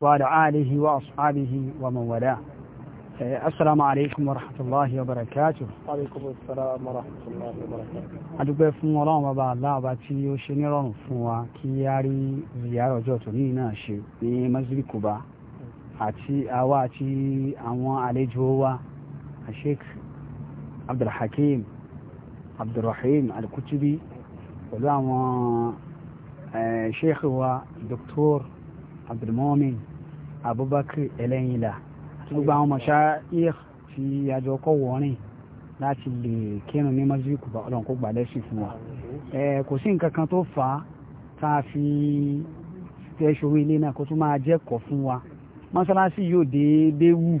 وعلى آله وأصحابه ومن ولاه إيه، السلام عليكم ورحمة الله وبركاته عليكم السلام ورحمة الله وبركاته أدوك فن الله وبا الله باتي وشنيران فن وكياري زيارة جوتوني ناشي ني مزل كوبا أتي أواتي أمو علي جوا الشيخ عبد الحكيم عبد الرحيم الكتبي ولو أمو إيه، شيخ ودكتور abdulmumin abubakar ẹlẹ́yìnlá gbogbo àwọn mọ̀ṣá ìyẹ̀kù tí àjọ kọ́ wọ́rin láti lè kírun ní masjid kùbà ọlọ́run kó gbà lẹ́sìn fún wa kò sí nǹkan kan tó fà á tá a fi fẹ́ ṣòro ilé náà kó tún máa jẹ́kọ̀ọ́ fún wa mọ́sálásí yóò déédéé wù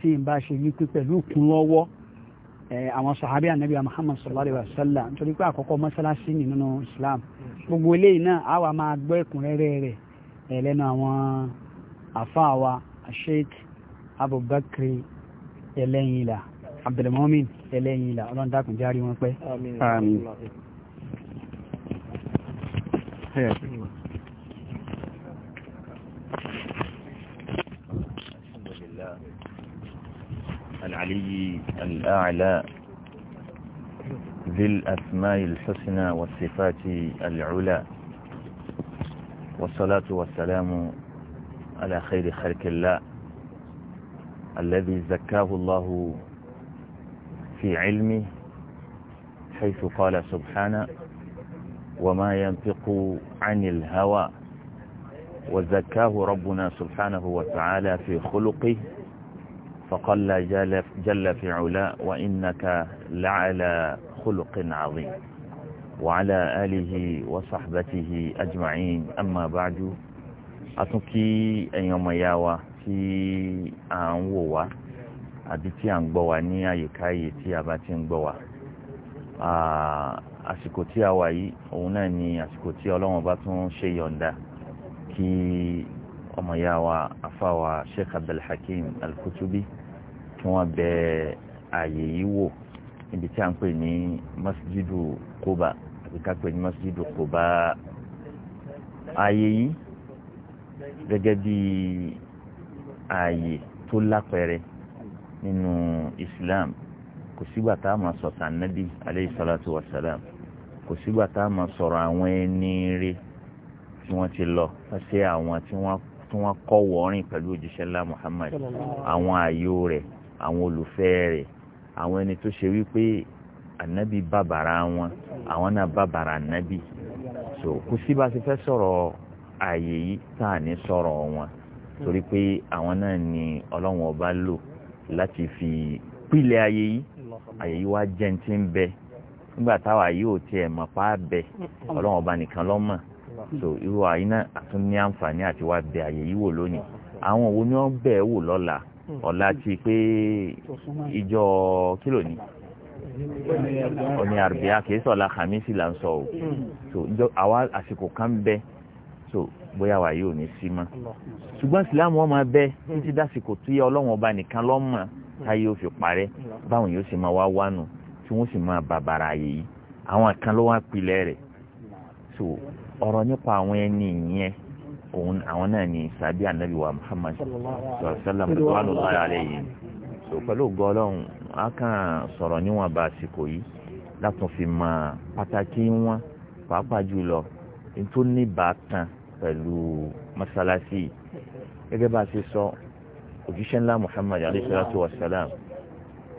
tí n bá ṣe wípé pẹ̀lú kún lọ́wọ́ àwọn sàhábí ànábì muhammad sallallahu alayhi wa sallam nítorí pé àkọ́kọ́ mọ́sálásí ni nínú islam gbogbo eléyìí náà àwa máa gbọ́ ẹ̀kúnrẹ́rẹ́ rẹ̀ lẹ́nu àwọn àfáà wa sheikh abubakar ẹlẹ́yìnlá abdulmumin ẹlẹ́yìnlá ọlọ́run dákun járí wọn pẹ́ àmín العلي الأعلى ذي الأسماء الحسنى والصفات العلى والصلاة والسلام على خير خلق الله الذي زكاه الله في علمه حيث قال سبحانه وما ينطق عن الهوى وزكاه ربنا سبحانه وتعالى في خلقه فقل جل, جل في علاء وإنك لعلى خلق عظيم وعلى آله وصحبته أجمعين أما بعد أتوكي أيام ياوا tí à ń wò wá àbí tí à ń gbọ́ wá ní àyíká yìí tí a bá ti ń gbọ́ wá àsìkò tí a wà yìí òun náà ni àsìkò tí ọlọ́wọ́n bá tún ṣe yọ̀ǹda kí ọmọ ìyá wa afáwa Sheikh Abdulhakeem Al-Kutubi kí wọ́n bẹ ààyè yìí wò níbi tí a ń pè ní masjidu Quba àbí ká pè ní masjidu Quba ààyè yìí gẹ́gẹ́ bí ààyè tó lápẹẹrẹ nínú Islam kò sígbà tá a máa sọ̀tàn nábì aleyhi salatu wa salam kò sígbà tá a máa sọ̀rọ̀ àwọn ẹni rí tí wọ́n ti lọ ṣe àwọn tí wọ́n kọ́ wọ́ọ́rìn pẹ̀lú òjíṣẹ́ ńlá Muhammad àwọn ààyò rẹ̀ àwọn olùfẹ́ rẹ̀ àwọn ẹni tó ṣe wípé ànábì bàbàrà wọn àwọn náà bàbàrà ànábì so kò sí bá ti fẹ́ sọ̀rọ̀ ààyè yìí tá à ní sọ̀rọ̀ wọn torí pé àwọn náà ni ọlọ́run ọba lò láti fi pìlẹ̀ ààyè yìí ààyè yìí wá jẹ́ ti ń bẹ nígbà táwa yìí ò tiẹ̀ mọ̀ pa á bẹ ọlọ́run ọba nìkan lọ́mọ̀ so irú àyè náà àtún ní àǹfààní àti wá bẹ ààyè yìí wò lónìí àwọn òwò ni wọ́n bẹ̀ wò lọ́la ọ̀la ti pé ìjọ kílò ni ó ní àrùbíà kìí sọ̀la kàmísì là ń sọ o so àwa àsìkò kan bẹ so bóyá wàá yóò ní sí mọ́ ṣùgbọ́n ìsìláàmù ọmọ bẹ títí dásìkò tó yẹ ọlọ́run ọba nìkan lọ́mọ táyé ó fi parẹ́ báwọn yóò sì máa wá wánu tí wọ́n sì máa bàbàrà ayé yìí àwọn kan ló wá pilẹ̀ rẹ̀ so ọ̀rọ̀ nípa àwọn ẹni yẹn òun àwọn náà ní sàbí ànábì Muhammad sallallahu alaihi wasallam tó wà lọ́wọ́ àlẹ́ yìí so pẹ̀lú gọ́ọ̀lọ́hún Aka kàn sọ̀rọ̀ níwọ̀n bá àsìkò yìí látún fi mọ pàtàkì wọn pàápàá jùlọ tó níbàtàn pẹ̀lú mọ́sálásí gẹ́gẹ́ bá a ṣe sọ òjíṣẹ́ ńlá Muhammad alayhi salatu wa salam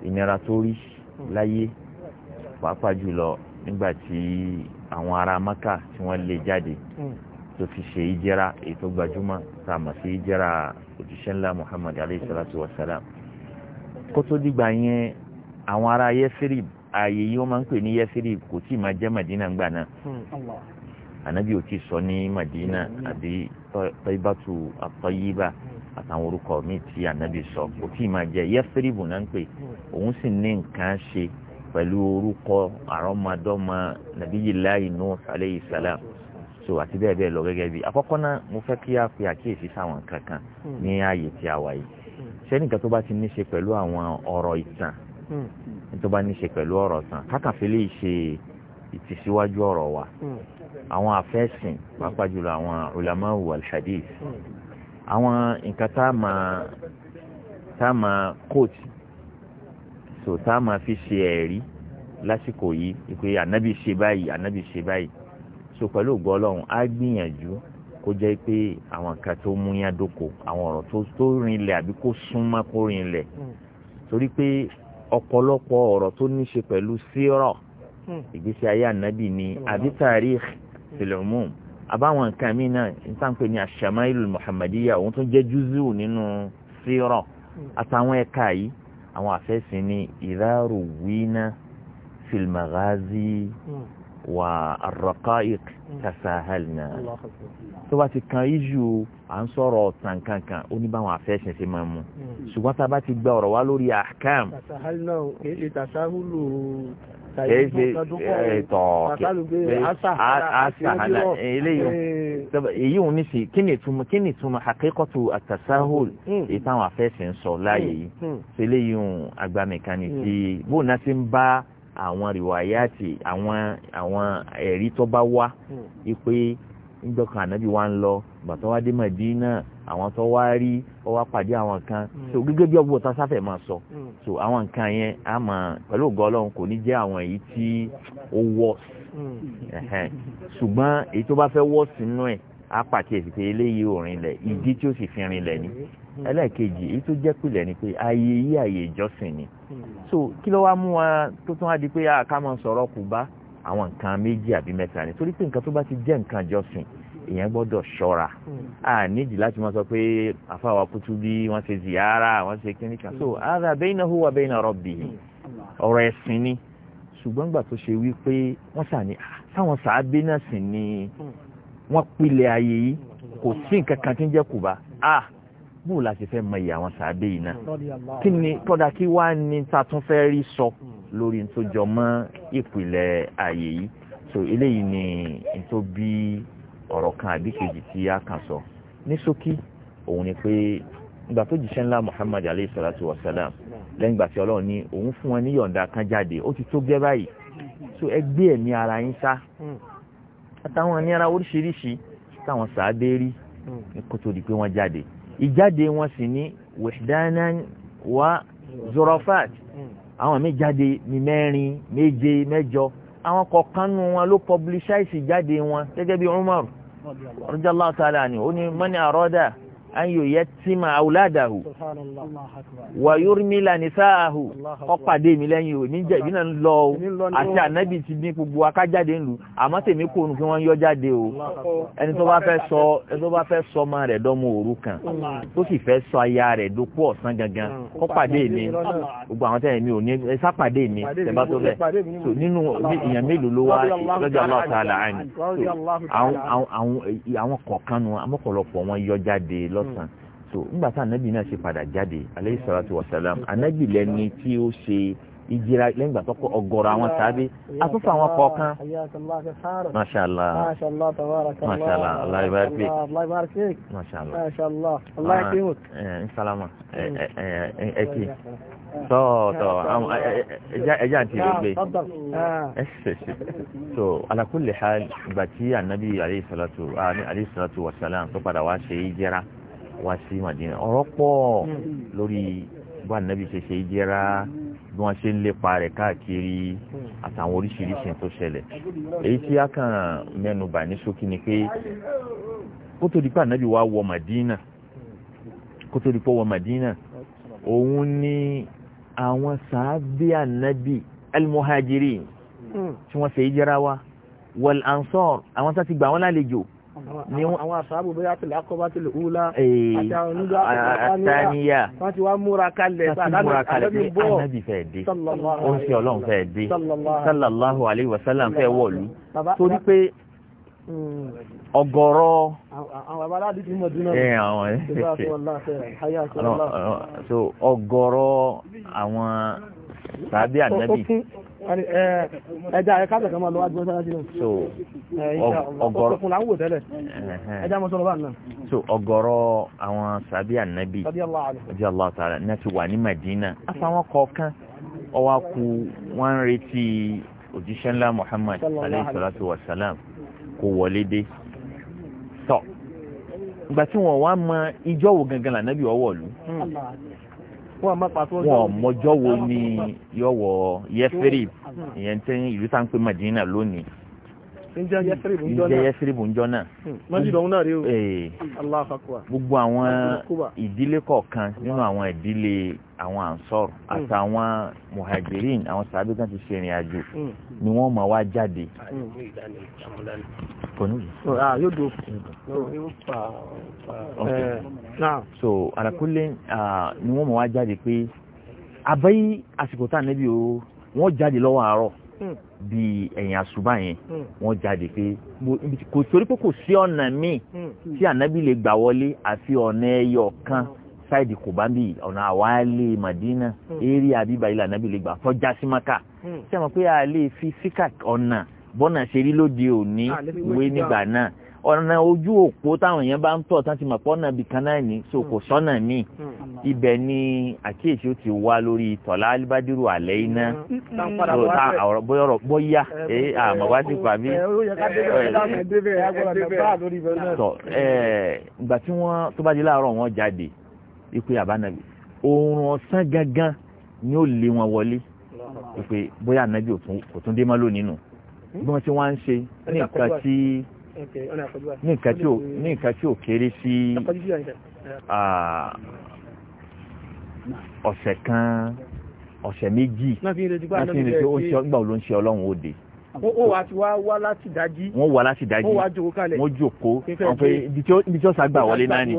ìnira tó rí láyé pàápàá jùlọ nígbà tí àwọn ará Maka tí wọ́n lé jáde tó fi ṣe ìjẹ́ra èyí gbajúmọ̀ tá a mọ̀ sí ìjẹ́ra òjíṣẹ́ ńlá Muhammad alayhi salatu wa salam kó tó dìgbà yẹn àwọn ará yẹsírì ààyè yìí wọ́n máa ń pè ní yẹsírì kò tí ì máa jẹ́ madina gbà náà hmm, ànábì ò tí ì sọ ní madina hmm. àbí tọ́yìbàtú àtọ́yìbà àtàwọn orúkọ míì tí ànábì sọ kò tí ì máa jẹ́ yẹsírì bù náà ń pè hmm. òun sì ní nǹkan ṣe pẹ̀lú orúkọ àrọ́mọdọ́mọ nàbíyìláì nù alayhi salam so àti bẹ́ẹ̀ bẹ́ẹ̀ lọ gẹ́gẹ́ bí àkọ́kọ́ náà mo fẹ́ kí a pe àkíyèsí sáwọn kankan ní ààyè tí a wà yìí ṣé nìkan tó bá ti ní ṣe pẹ̀lú àwọn ọ̀rọ̀ ìtàn hmm. tó bá ní ṣe pẹ̀lú ọ̀rọ̀ ìtàn kákàfẹ́lẹ́ ṣe ìtìsíwájú ọ̀rọ̀ wa hmm. àwọn afẹ́sìn pàápàá jùlọ àwọn ulamawu al-hadith hmm. àwọn nǹkan tá a máa tá a máa kóòtù so tá a máa fi ṣe ẹ̀rí lásìkò yìí pé ànábì ṣe báyìí ànábì ṣe báyìí so pẹ̀lú ògbọ́ ọlọ́run á gbìyànjú kó jẹ́ pé àwọn kan tó mú yá dóko àwọn ọ̀rọ̀ tó tó rinlẹ̀ àbí kó súnmọ́ kó rinlẹ̀ hmm. torí pé ọ̀pọ̀lọpọ̀ ọ̀rọ̀ tó ní ṣe pẹ̀lú sírọ̀ hmm. ìgbésí ayé ànábì ni hmm. àbí tarikh fil umum àbáwọn nǹkan mi náà níta ń pè ní ash-shama'il muhammadiyya òun tó jẹ́ júzù nínú sírọ̀ àtàwọn ẹ̀ka yìí àwọn àfẹ́sìn ní ìdárò wíná fil والرقائق تساهلنا tó bá ti kan iṣu à ń sọ̀rọ̀ ọ̀tàn kankan ó ní báwọn àfẹ́sìn ṣe máa mú mm. ṣùgbọ́n tá a bá ti gba ọ̀rọ̀ wá lórí ahkam. tasahalina o kì í ṣe tasahulu eh, eh, eh. èyí ò ní sí kí ni ìtumọ̀ kí ni ìtumọ̀ haqiqatu at-tasahul mm. èyí táwọn afẹ́sìn sọ láàyè yìí mm. ṣe léyìn agbamẹ̀kan ní ti bóun náà ti ń bá àwọn rìwáyàtì àwọn àwọn ẹ̀rí tó bá wá hmm. wípé nígbàkan ànábì wa ń lọ gbàtọ́ wá dé Mẹdínà àwọn tó wá rí ó pàdé àwọn kan hmm. so gẹ́gẹ́ bí ọgbọ́n tá sáfẹ̀ máa sọ hmm. so àwọn nǹkan yẹn á mọ̀ pẹ̀lú ògo Ọlọ́run kò ní jẹ́ àwọn èyí tí ó wọ̀ ṣùgbọ́n èyí tó bá fẹ́ wọ̀ sínú ẹ̀ á pàkíyèsí pé eléyìí ò rinlẹ̀ ìdí tí ó sì fi rinlẹ̀ ni ẹlẹ́ẹ̀kejì èyí tó jẹ́ pìlẹ̀ ni pé ayé yí ayé ìjọsìn ni so kí ló wá mú wa tó tún wá di pé ah, ká máa sọ̀rọ̀ kù bá àwọn nǹkan méjì àbí mẹ́ta ni torí pé nǹkan tó bá ti jẹ́ nǹkan ìjọsìn èèyàn gbọ́dọ̀ ṣọ́ra a nídìí láti máa sọ pé àfàwà kútú bí wọ́n ṣe ziyara wọ́n ṣe kíníkà so ara bainahu wa baina rabbihi ọ̀rọ̀ ẹ̀sìn ni ṣùgbọ́n gbà tó ṣe wí pé wọ́n ṣàní sáwọn ah, sàábé náà sì ni wọ́n pilẹ̀ ayé yìí kò sí nǹkan kan tí ń jẹ́ kùbá ah bó la ṣe fẹ́ mọ ìyá àwọn sàábé yìí náà kí ni kọ́dà kí wàá ní ta fẹ́ rí sọ lórí tó jọ mọ́ ìpìlẹ̀ ayé yìí so eléyìí ni tó bí ọ̀rọ̀ kan àbí kejì tí a kàn sọ ní ṣókí òun ni pé ìgbà tó jíṣẹ́ ńlá Muhammad alayhi salatu wa salam lẹ́yìn ìgbà tí ọlọ́run ní òun fún wọn ní yọ̀ǹda kan jáde ó ti tó gẹ́ báyìí so ẹ gbé ẹ̀mí ara yín sá àtàwọn ìnira oríṣiríṣi táwọn sàábé rí hmm. kó tó di pé wọ́n jáde ìjáde wọn sì ní wihdanan wa zorofat hmm. àwọn mi jáde ní mẹ́rin méje mẹ́jọ àwọn kọ̀ọ̀kan nù wọn ló publicize jáde wọn gẹ́gẹ́ bí Umar radiyallahu ta'ala ó ní mọ́ni àrọ́dà an yuyatima awladahu wa yurmila nisaahu ọ̀pàdé mi lẹ́yìn o níjẹ́ ìbí náà ń lọ o àti ànábì ti ní gbogbo akájáde ń lu àmọ́ tèmi kò nù kí wọ́n yọ jáde o ẹni tó bá fẹ́ sọ ẹni tó bá fẹ́ sọ ọmọ rẹ̀ dọ́mọ òru kan tó sì fẹ́ sọ aya rẹ̀ dókú ọ̀sán gangan kọ́pàdé mi gbogbo àwọn tẹ̀yìn mi ò ní sápàdé mi tẹ̀bá tó bẹ̀ so nínú èèyàn mélòó ló wá lọ́jọ́ aláwọ̀ tá a là àwọn kọ̀ọ̀kan nu amọ́kọ̀lọpọ̀ lọ́sàn so nígbà tá ànábì náà ṣe padà jáde aleyhi salatu wa salam ànábì lẹni tí ó ṣe ìjìra lẹ́yìn ìgbà tó kọ ọgọ́rọ̀ àwọn sábẹ́ àtúntò àwọn kọ̀ọ̀kan mashallah mashallah alayi bari pe mashallah alayi pe wot nsalama ẹkẹ tọ́ọ̀tọ̀ ẹja àti ìrẹ́gbẹ́ eh, ah. eh, eh, so ala kulli hal ìgbà tí anabi aleyhi salatu wa salam tó padà wá ṣe ìjìra wá sí Madina ọ̀rọ̀ pọ̀ hmm. lórí bá nàbí ṣe ṣe jẹ́ra bí wọ́n ṣe ń lépa rẹ̀ káàkiri àtàwọn oríṣiríṣi tó ṣẹlẹ̀ èyí tí a kàn mẹ́nubà ní ṣókí ni pé kó tó di pé ànábì wa wọ Madina kó tó di pé wọ Madina òun ni àwọn sàábí ànábì al-muhajirin hmm. tí wọ́n ṣe jẹ́ra wa wal ansar àwọn tá ti gbà wọ́n lálejò ni àwọn àṣàbò bóyá tí lákọ́ bá tí lè húlá àti àwọn onígbà àtàníyà wọ́n ti wá múra kalẹ̀ sallallahu alaihi wasallam fẹ́ wọ̀lú torí pé ọ̀gọ̀rọ̀ hmm. ọ̀gọ̀rọ̀ àwọn sàbí ànábì ẹja ẹ̀ káàkiri kan máa lọ náà so ọgọ́rọ̀ ọkùnrin àwọn òtẹ́lẹ̀ ẹja bá náà ti wà ní madina afáwọn kọ̀ọ̀kan ọwọ́ ń retí òjíṣẹ́ ńlá muhammad alayhi wa salam kò wọlé dé tọ́ ìgbà tí wọ́n wá mọ wo gangan lànàbì ọwọ́ lù wọn mọjọ́ wo ni Hmm. ìyẹn tẹ́ ìlú tá ń pè Madina lónìí njẹ yẹsiribu njọ náà mọ́jìdọ̀hún náà hmm. rí o eh. Allahu Akbar gbogbo àwọn ìdílé kọ̀ọ̀kan nínú àwọn ìdílé àwọn ansor hmm. àtàwọn muhajirin àwọn sàbí kan ti ṣe ìrìn àjò ni wọ́n máa wá jáde. so alákùlé ah, ni wọ́n máa wá jáde pé àbẹ́yí àsìkò tá o wọ́n jáde lọ́wọ́ àárọ̀ hmm. bí ẹ̀yìn àṣùbà yẹn hmm. wọ́n jáde pé kò torí pé kò sí ọ̀nà míì hmm. tí ànábì lè gbà wọlé àfi ọ̀nà ẹyọ kan ṣáìdì kò bá bí ọ̀nà àwálé Madina eré àbíbá ilẹ̀ ànábì lè gbà fọ́já sí maka ṣé àwọn pé a lè fi síkà ọ̀nà bọ́nà ṣe rí lóde òní wé nígbà náà ọ̀nà ojú òpó táwọn èèyàn bá ń tọ̀ tán ti mọ̀ pọ́ náà bìkan náà ní so hmm. sọ́nà míì hmm. ibẹ̀ ni àkíyèsí ó ti wá lórí tọ̀lá alibadiru àlẹ́ iná bóyá àmọ́ wá sí pàmí. Eh, eh. eh, ìgbà tí wọ́n tó bá di láàárọ̀ wọn jáde ìpè àbánabi oorun ọ̀sán gangan ni ó lé wọn wọlé ìpè bóyá ànábì kò tún dé mọ́ lónìí nù bí wọ́n ti wá ń ṣe ní nǹkan ní nǹkan tí ò kéré sí ọ̀sẹ̀ kan ọ̀sẹ̀ méjì láti ní pé ó ń ṣe ọgbà ló ń ṣe ọlọ́run òde. ó wà ti wá wá láti dájí. wọ́n wá láti dájí wọ́n wá jòkó kalẹ̀ wọ́n jòkó wọ́n pe ibi tí ó sàgbà wọlé náà ni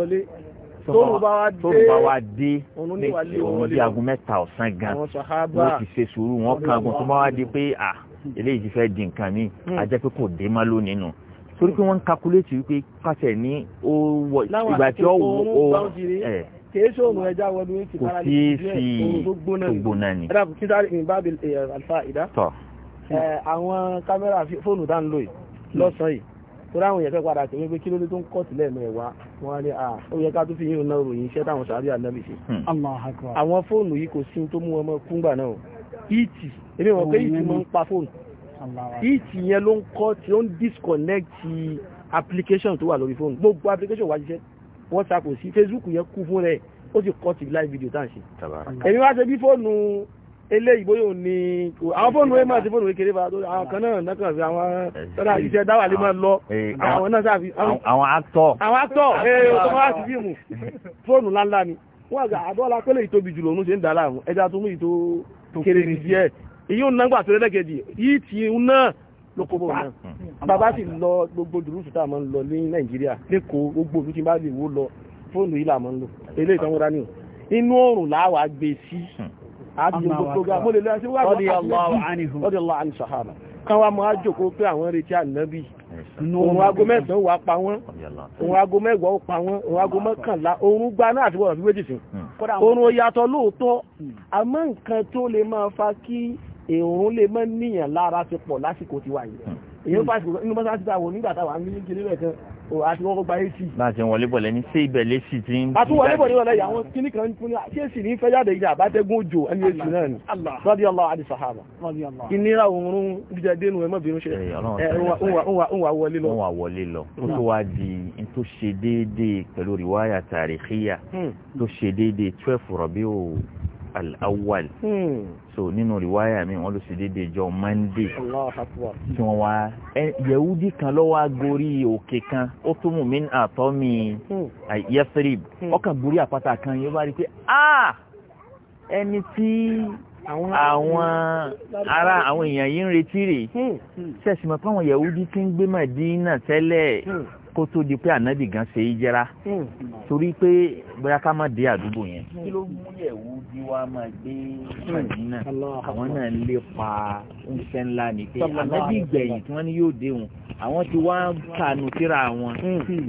tóòrùn bá wá dé òun di aago mẹ́ta ọ̀sán gan wọ́n ti ṣe sùúrù wọ́n kángun tó bá wá di pé à eléyìí ti fẹ́ di nǹkan mi a jẹ́ pé kò dé má lónìí nù torí pé wọ́n ń kakuléètì wípé pàṣẹ ní ó ìgbà tí ó wọ ó ẹ̀ kìí ṣe òun ẹja wọlé ní ti fara lè gbóná ni. ẹ̀rọ kí sáré ní bábí alfa ìdá. àwọn kámẹ́rà fóònù dá ń lò yìí hmm. lọ́sàn-án yìí torí àwọn èèyàn fẹ́ padà tèmi pé kí ló dé tó ń kọ́ sílẹ̀ mẹ́wàá wọn á ní à ó yẹ ká tó fi yín náà ròyìn iṣẹ́ táwọn sàárì ànábì ṣe. Hmm. àwọn fóònù yìí kò sí tó mú ọmọ kúngbà náà ìtì èmi mọ̀ pé ìtì máa ń pa fóònù ìtì yẹn ló ń kọ́ tí ó ń disconnect application tó wà lórí fóònù gbogbo application wá ṣiṣẹ́ whatsapp ò sí facebook yẹn kú fún rẹ̀ ó sì kọ́ ti live video tá à ń ṣe. èmi wá ṣe bí fóònù eléyìí bóyá ò ní àwọn fóònù ẹ̀ máa ti fóònù kékeré bá tó àwọn kan náà náà kàn eh, eh, fi àwọn tọ́lá iṣẹ́ dáwà lè máa lọ àwọn náà sáfi. àwọn actor. àwọn actor ee o tó máa ti fíìmù fóònù ńláńlá ni wọ́n àgbà àdọ́lá pẹ́lẹ́ ìtóbi jùlọ òun ṣe ń dà láàmú ẹja tó mú ìtó kéré ní díẹ̀ èyí ò náà gbà tó lẹ́lẹ́gẹ̀ẹ́dì yìí tí ń náà ló kó bọ̀ náà bàbá sì lọ gbogbo dùrúfù tá a máa ń lọ ní nàìjíríà lẹ́kọ̀ọ́ gbogbo òbí tí bá lè wó lọ fóònù yìí là máa ń lò eléyìí tán múra ní inú oòrùn láwàá gbé sí àdúgbò program mo lè lọ sí wàá lọ́dí ọlọ́ àni sàhábà kan wá máa jókòó pé àwọn retí ànábì òun aago mẹ́sàn-án wà pa wọ́n òun aago mẹ́wàá ó pa èrún lè mọ́ níyàn lára ti pọ̀ lásìkò ti wà yìí èyí pàṣẹ inú mọ́sá ti tàwọn nígbà táwà ń ní kiri rẹ̀ kan àti wọ́n gba ac. láti wọlé bọ̀ lẹ́ni sí ibẹ̀ lẹ́sì tí ń. àti wọlé bọ̀ níwọ̀n lẹ́yìn àwọn kíní kan fún ṣé sì ní fẹ́ jáde ìjà àbátẹ́gùn òjò ẹni èsì náà ni rọ́dí ọlọ́ àdì sàhábà ìnira òórùn jíjẹ dénú ẹmọ bínú ṣe ńwà wọlé lọ. ńwà wọlé lọ ó tó wá di n tó ṣe déédéé pẹ̀lú rìwáyà tàríkíyà hmm al-awwal hmm. so nínú rìwáyà mi wọ́n ló ṣe déédéé jọ mọ́ndé tí wọ́n wá yẹ̀wúdí kan lọ́wọ́ gori òkè kan ó tún mú mi àtọ́ mi yẹ́sírìb ọkàn borí àpáta kan yóò bá rí pé ah! ẹni tí àwọn ará àwọn èèyàn yìí ń retí rè hmm. ṣẹ̀sìmọ̀ pé àwọn yẹ̀wúdí ti ń gbé Mádínà tẹ́lẹ̀. Hmm kó tó di pé ànábì gan ṣe é jẹ́ra hmm. torí pé bóyá ká má dé àdúgbò yẹn. Hmm. kí ló mú yẹ̀wù bí wàá máa gbé Màdínà hmm. àwọn náà lè pa oúnjẹ ńlá ni pé ànábì gbẹ̀yìn tí wọ́n ní yóò dé wọn àwọn ti wá kànú síra wọn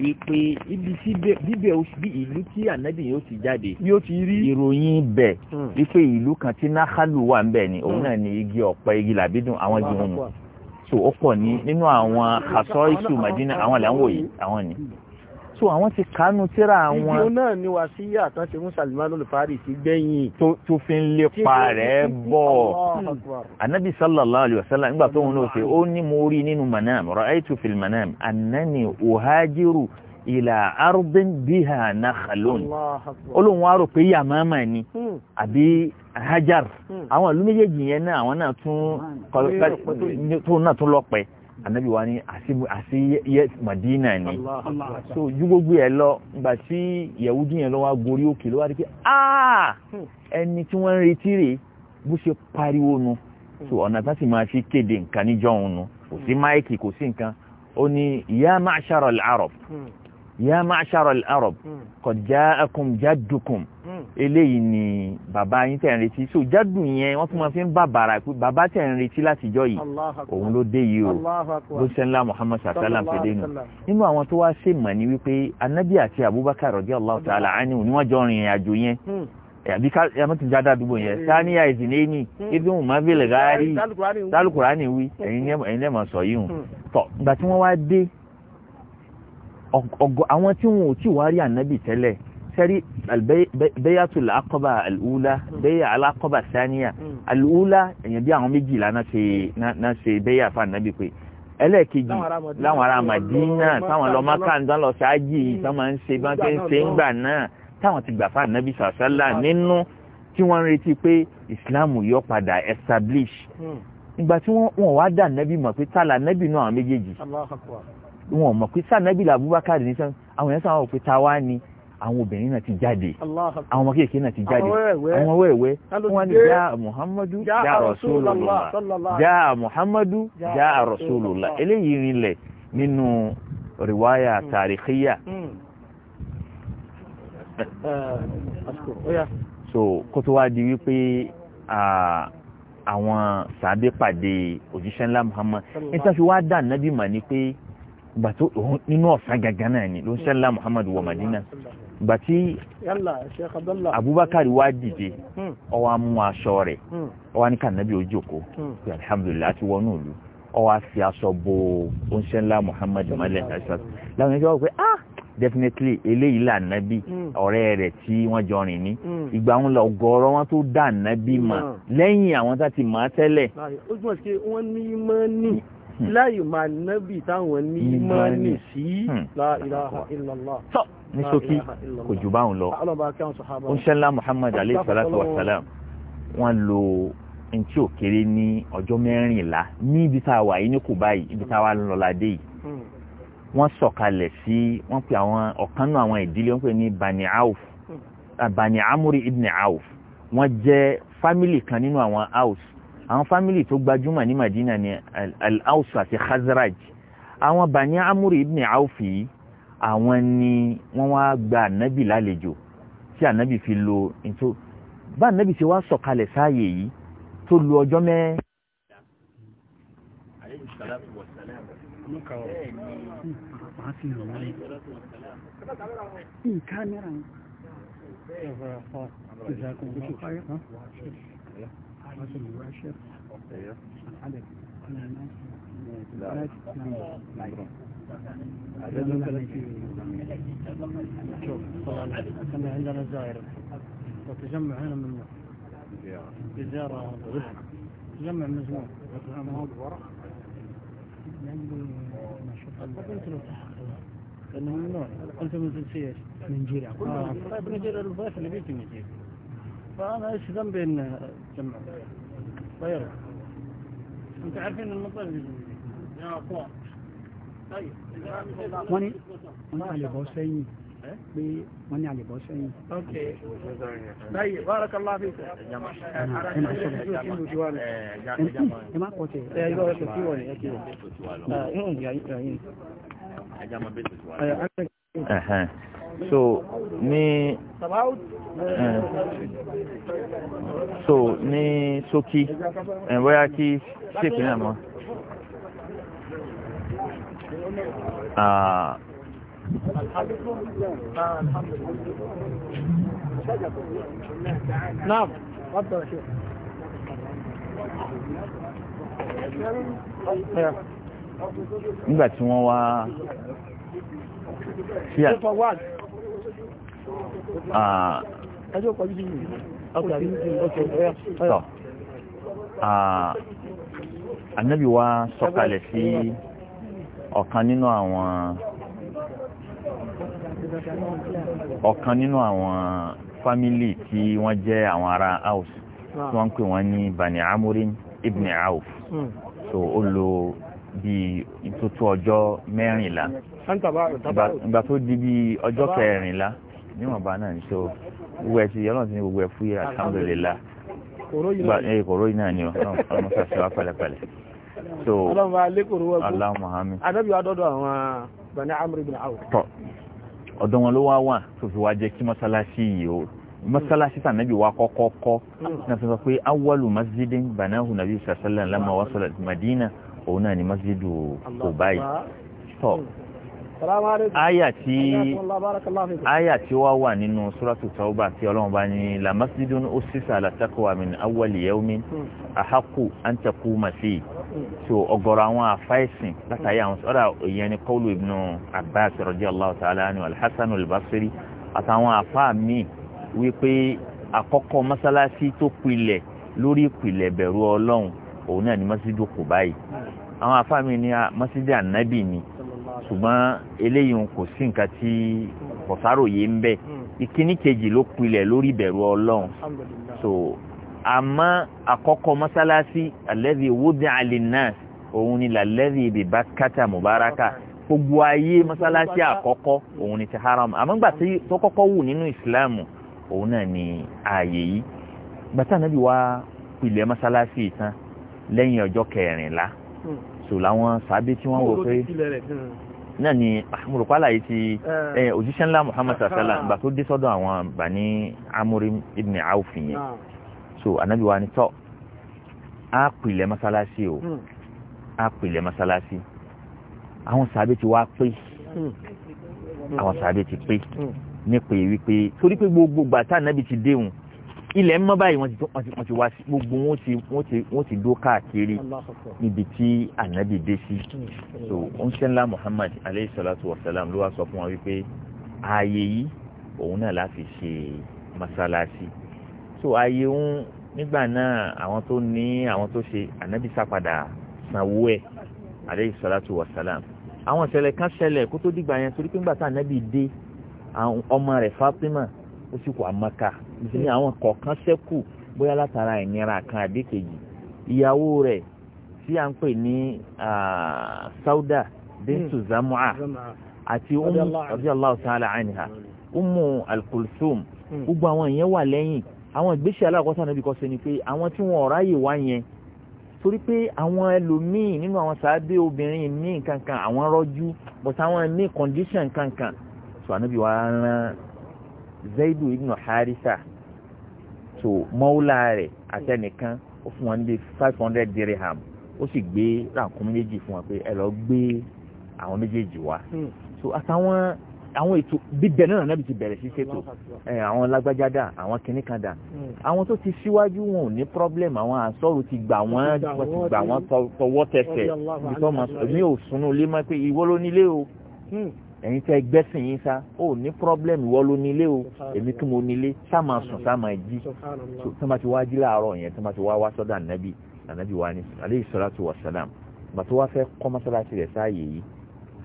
wípé ibi tí bíbẹ̀ ìlú tí ànábì yóò ti jáde yóò ti rí ìròyìn bẹ̀ wípé ìlú kan tí náhálù wà ń bẹ̀ ni òun náà ní igi ọ̀pẹ igi làbídùn àwọn igi wọn so ó pọ̀ ní nínú àwọn àṣọ ìṣù Madina àwọn àlàwò yìí àwọn ni so àwọn ti kánú tíra àwọn. ìdíò náà ni wà sí àtàn ti mú Salman olùfàárì sí gbẹ̀yìn. tó fi ń lépa rẹ̀ bọ̀ anabi sallallahu alayhi wa sallam nígbà tó ń lò ṣe ó ní mo rí nínú manam ra'aytu fil manam annani uhajiru ìlà arúgbìn bíhà nàkàlón olóhùn wa rò pé yamama ni hmm. àbí hajar hmm. àwọn ìlú méjèèjì yẹn náà àwọn náà tún hmm. náà tún lọ́pẹ́ anabi wa ni àti yẹ madina ni so ju gbogbo ẹ lọ nígbà tí yahudi yẹn lọ wá gorí òkè ló wá rí pé aaa ẹni tí wọ́n ń retí rẹ̀ bó ṣe pariwo nu so ọ̀nà tá sì máa fi kéde nǹkan níjọ́ òun nu kò sí máìkì kò sí nǹkan ó ní ya ma'shar al-arab ya ma'ashara al-arab hmm. qad ja'akum jaddukum hmm. eléyìí ni bàbá yín tẹ̀ ń retí so jádùn yẹn wọ́n tún máa fi ń bá bàrà pé bàbá tẹ̀ ń retí látijọ́ yìí òun ló dé yìí o bó sẹ́ńlá muhammad sallam fi dé nù nínú àwọn tó wá ṣe mọ̀ ní wípé anabi àti abubakar radiyallahu ta'ala anhu ni wọ́n jọ rìn ìrìn àjò yẹn hmm. eh, àbí yàmú ti jáde àdúgbò yẹn sáníyà ìdìnéní ibi wọn máa bèèrè gáárì sálùkùránì wí ẹ̀yin lẹ́mọ̀ sọ yìí ọgọ àwọn tí wọn ò tí wá rí ànábì tẹ́lẹ̀ sẹ́rí bẹ́yàtò làákọ́bà àlùúlá bẹ́yà alákọ́bà sáníà àlùúlá èèyàn bí àwọn méjìlá náà ṣe bẹ́yà fún ànábì pé ẹlẹ́ẹ̀kejì láwọn ará màdínà táwọn lọ máka lọ ṣáájì hmm. tó ń ṣe bá ń ṣe ń gbà náà táwọn ti gbà fún ànábì sàṣálà hmm. nínú tí wọ́n ń retí pé ìsìláàmù yóò padà establish hmm. ìgbà tí wọ́n wá dà ànábì mọ̀ pé tálà ànábì náà àwọn méjèèjì wọn mọ̀ pé sànẹ́bí là Abubakar ní sàn àwọn yẹn sàn pé ta ni àwọn obìnrin náà ti jáde àwọn ọmọ kéèké náà ti jáde àwọn wẹ́ẹ̀wẹ́ wọ́n ní já Muhammadu já Rasulullah já Muhammadu já Rasulullah eléyìí rinlẹ̀ nínú riwaya hmm. tàríkíyà hmm. Uh, so kó tó wá di wípé àwọn sàbẹ́pàdé òjíṣẹ́ ńlá Muhammad nítorí wá dà nábì mà ní pé gbàtó nínú ọ̀sán gangan náà ni ló ń ṣẹlá muhammad wa madina gbàtí abubakar wá dìde hmm. ó wá mú aṣọ rẹ̀ hmm. ó wá ní kànábì ó jókòó hmm. alhamdulilayi àti wọnú ìlú ó wá fi aṣọ bo ó ń ṣẹlá muhammad malẹ ṣaṣaṣ láwọn ẹgbẹ́ wọ́n pé ah definitely eléyìí là nábì ọ̀rẹ́ rẹ̀ tí wọ́n jọ rìn ní ìgbà wọn lọ gọ́ọ́rọ́ wọn tó dà nábì mà lẹ́yìn àwọn tá ti mà á tẹ́lẹ̀. ojú ọ̀sẹ̀ wọn ní mọ́ ní. Hmm. láyé máa nábì táwọn ní mọ́nì sí hmm. la ilaha illallah tọ́ ní ṣókí kò jù báhùn lọ ó ń ṣẹ́lá Muhammad alayhi salatu wa salam wọ́n lo n tí ò kéré ní ọjọ́ mẹ́rìnlá ní ibi tá a wà yìí ní kò báyìí ibi tá a wà lọ́la dé yìí hmm. wọ́n sọ̀kalẹ̀ sí wọ́n pe àwọn ọ̀kan náà àwọn fámìlì tó gbajúmọ̀ ní Madina ni al-Aws àti Khazraj àwọn Bani Amr ibn Awfi àwọn ni wọ́n wá gba ànábì lálejò tí ànábì fi lo ètò bá ànábì ṣe wá sọ̀kalẹ̀ sáàyè yìí tó lu ọjọ́ mẹ́. Kamera. رجل مباشر الحدث شوف طبعا عندنا زائر وتجمع هنا ممنوع زيارة تجمع مزموع لأنه ممنوع أنت من جنسية من جيرة آه. طيب نجيرة الباس اللي بيجي من جيرة فأنا إيش ذنبي إن تجمع طيب أنت عارفين المنطقة يا أخوان طيب ماني ماني علي بوسعين إيه؟ ماني علي أوكي طيب بارك الله فيك جماعة إيه، جماعة so ní eh, so ní ṣókí eh, bóyá kí ṣèpín náà mọ́ نعم تفضل يا شيخ nígbà tí wọ́n wá sí ànábì wa sọ̀kalẹ̀ sí ọ̀kan nínú àwọn ọ̀kan nínú àwọn fámílì tí wọ́n jẹ́ àwọn ará Aus ah. tí wọ́n ń pè wọ́n ní Bani Amurin ibn Auf hmm. so ó lò bí ìtótó ọjọ́ mẹ́rìnlá ìgbà tó di bí ọjọ́ kẹrìnlá níwọ̀nba náà ní so gbogbo ẹ̀ ti ti ní gbogbo ẹ̀ fúyẹ́ alhamdulillah gba ẹ̀ eh, kòró yìí náà ni ọ ọmọ sàṣẹ wa pẹ̀lẹ́pẹ̀lẹ́ so ọlọ́run bá lé kòró wọ́pọ̀ aláwọ̀ muhammed adájọ́ adọ́dọ̀ àwọn uh, bani amr ibn awf. tọ ọ̀dọ̀ wọn ló wá wà tó fi wá jẹ́ kí mọ́sálásí yìí o mọ́sálásí tà nàbí wa kọ́kọ́ kọ́ hmm. náà sọ pé awwalu masjidin banahu nabi sallallahu alaihi wasallam lamma madina òun náà ni masjidu kò báyìí tọ áyà tí wá wà nínú suratu tauba tí ọlọ́run bá ní la masjidun usisa ala taqwa min awwali yawmin hmm. ahaqqu an taquma fi hmm. so ọ̀gọ̀rọ̀ àwọn àfáìsìn látàrí àwọn ọ̀dà ìyẹn ni qawlu ibnu abbas radiyallahu ta'ala anhu alhassan albasri àtàwọn àfáà míì wípé àkọ́kọ́ mọ́sálásí tó pilẹ̀ lórí ìpìlẹ̀ bẹ̀rù ọlọ́run òun náà ni masjidu Quba hmm. àwọn àfáà míì ní ah, masjid anabi ni ṣùgbọ́n eléyìí kò sí nǹkan tí kọ̀sáròyé ń bẹ hmm. ìkíní kejì ló pilẹ̀ lórí ìbẹ̀rù ọlọ́run so àmọ́ àkọ́kọ́ mọ́sálásí alẹ́bí wúdí àlìnà òun ni làlẹ́bí ibi kátà mubaraka gbogbo ayé mọ́sálásí àkọ́kọ́ òun ni ti haram àmọ́ gbà tó kọ́kọ́ wù nínú ìsìláàmù òun náà ni ààyè yìí gbàtà náà bí wá pilẹ̀ mọ́sálásí tán lẹ́yìn ọjọ́ kẹrìnlá hmm. so làwọn sábẹ́ tí wọ́n wò pé náà ni àmúrùkọ́ ah, àlàyé ti eh. Eh, òjíṣẹ́ ńlá Muhammad sàlá ah. ìgbà tó dé sọ́dọ̀ àwọn àgbà ní amúrí ibn Auf yẹn ah. so anabi wa ni tọ́ a pìlẹ̀ masalasi o hmm. a pìlẹ̀ masalasi àwọn sàbẹ̀ ti wá pé hmm. àwọn sàbẹ̀ ti pé hmm. nípa wípé torí pé gbogbo gbàtà anabi ti déhùn ilẹ̀ ń mọ́ báyìí wọ́n ti wá sí gbogbo wọ́n ti wọ́n ti wọ́n dó káàkiri níbi tí ànábì dé sí so onsenla Muhammad aleyhi salatu wa salam ló wá sọ fún wa wípé ààyè yìí òun náà láfi ṣe masalasi so ààyè ń nígbà náà àwọn tó ní àwọn tó ṣe ànábì sápadà sanwó ẹ̀ aleyhi salatu wa salam àwọn ìṣẹ̀lẹ̀ kan ṣẹlẹ̀ kó tó dìgbà yẹn torí pé ńgbà tá ànábì dé ọmọ rẹ̀ Fatima ó sì kó amaka ní àwọn kọ̀ọ̀kan ṣẹ́kù bóyá látara ìnira kan àbí kejì ìyàwó rẹ̀ tí a ń pè ní Sauda bintu hmm. Zamua àti umu radiyallahu ta'ala anha umu alkulsum kulthum gbogbo àwọn ìyẹn wà lẹ́yìn àwọn ìgbésẹ̀ alákọ̀ọ́sá níbi kan ṣe ni pé àwọn tí wọn ọ̀rá yìí wá yẹn torí pé àwọn ẹlòmíì nínú àwọn sàábé obìnrin míì kankan àwọn rọ́jú but àwọn ní condition kankan so ànábì wa rán zaidu ibn harisa so mọ́wúlà rẹ̀ àtẹnìkan o fún wọn ní five hundred dirham o sì gbé ràkúnmí méjì fún wọn pé ẹ lọ gbé àwọn méjèèjì wá hmm. so àtàwọn àwọn ètò bíbẹ̀ náà náà ti bẹ̀rẹ̀ sí ṣètò àwọn lágbájá dà àwọn kìnní kan dà hmm. àwọn tó ti síwájú wọn ò ní problem àwọn àsọ̀rọ̀ ti gbà wọ́n ti gbà wọ́n tọwọ́ tẹsẹ̀ ní ò sunú lé mọ́ pé ìwọ ló nílé o hmm ẹ̀yin tẹ́ gbẹ́sìn yín sá ó ní problem. wọ́n ló nílé o èmi kí mo nílé sá máa sùn sá máa jí tó máa ti wá jí láàárọ̀ yẹn tó máa ti wá wá sọ́dọ̀ ànábì ànábì wa ní aleyhi salatu wa salam bàtú wá fẹ́ kọ́ mọ́sálásí rẹ̀ sáàyè yìí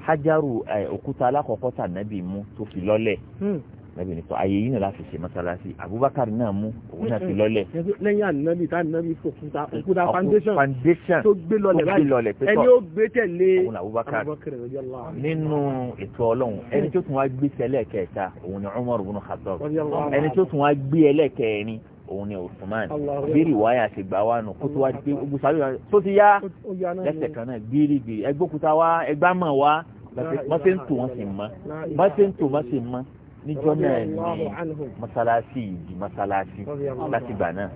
hajaru òkúta alákọ̀ọ́kọ́ tà ànábì mú tó fi lọ́lẹ̀ hmm nàbì ní kọ ayé yìí náà láti ṣe mọ́sálásí Abubakar náà mú òun náà ti lọ́lẹ̀. lẹ́yìn ànábì tá ànábì fòkúta òkúta foundation tó gbé lọ́lẹ̀ báyìí ẹni ó gbé tẹ̀lé Abubakar nínú ètò ọlọ́run ẹni tó tún wá gbé tẹ̀lé kẹta òun ni Umar ibn Khattab ẹni tó tún wá gbé ẹlẹ́kẹrin òun ni Usman bírí wáyà ti gbà wá nù kó tó wá gbé gbùsàlù rẹ tó ti yá lẹ́sẹ̀ kan náà bírí bírí ẹgbókuta wá ẹgbámọ̀ wá bá ṣe ń tò wọ́n sì mọ́ bá ṣe ń tò wọ́n sì mọ́ níjọ́ náà ní masalasi di masalasi láti gbà náà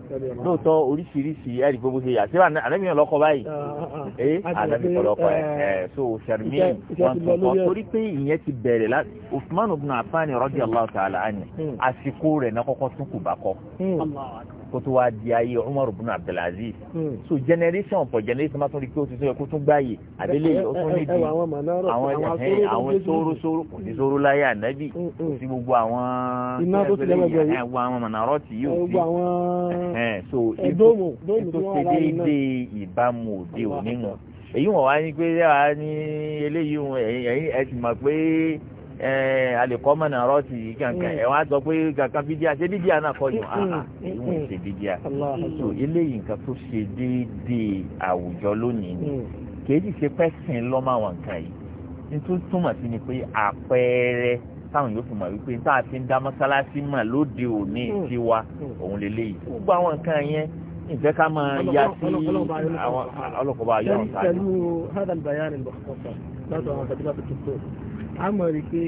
lóòótọ́ oríṣiríṣi ẹ̀rí gbogbo ṣe àti àlẹ́ mìíràn lọ́kọ báyìí ẹ̀ àlẹ́ mìíràn lọ́kọ ẹ̀ eh, eh, so sẹ̀rìmí wọn tún kọ́ torí pé ìyẹn ti bẹ̀rẹ̀ la Usman ibn Affan radiyallahu ta'ala anhu hmm. àsìkò rẹ̀ náà kọ́kọ́ tún kù bá kọ́ hmm kó tó wá di ayé Umar ibn Abdulaziz hmm. so generation for generation máa tún rí pé ó ti sọ kó tún gbáyè àbílẹ̀ ó tún nídìí àwọn ẹ̀hìn àwọn sóró kò sí sóró láyé ànábì hmm, hmm. kò sí gbogbo àwọn iná tó tilẹ̀ bẹ̀rẹ̀ yìí gbogbo àwọn mọ̀nàrọ́ tí yóò eh, sí so eh, ètò ṣe déédéé ìbámu òde òní wọn èyí wọn wá ní pé ẹ wá ní eléyìí ẹ̀yìn ẹ̀ ti mọ̀ pé alikọ́mọ̀nà rọ́ọ̀tì yìí kankan mm. ẹ̀ wọ́n á sọ pé kankan bídíà ṣé bídíà náà kọ́ yùn áhà ìwọ̀n ṣe bídíà so eléyìí nǹkan tó ṣe déédéé àwùjọ lónìí ni mm. kéèdì ṣe pẹ́ sìn lọ́mọ àwọn nǹkan yìí nítorí túmọ̀ sí ni pé àpẹẹrẹ táwọn yóò fi mọ̀ wípé tá a ti ń dá mọ́sálásí mọ̀ lóde òní mm. tiwa òun lélẹ́yìí gbogbo àwọn nǹkan yẹn ìfẹ́ ká máa ya sí àwọn ọlọ́kọ̀ọ́ba yọ̀ọ̀ sáà a mọ̀ rí pé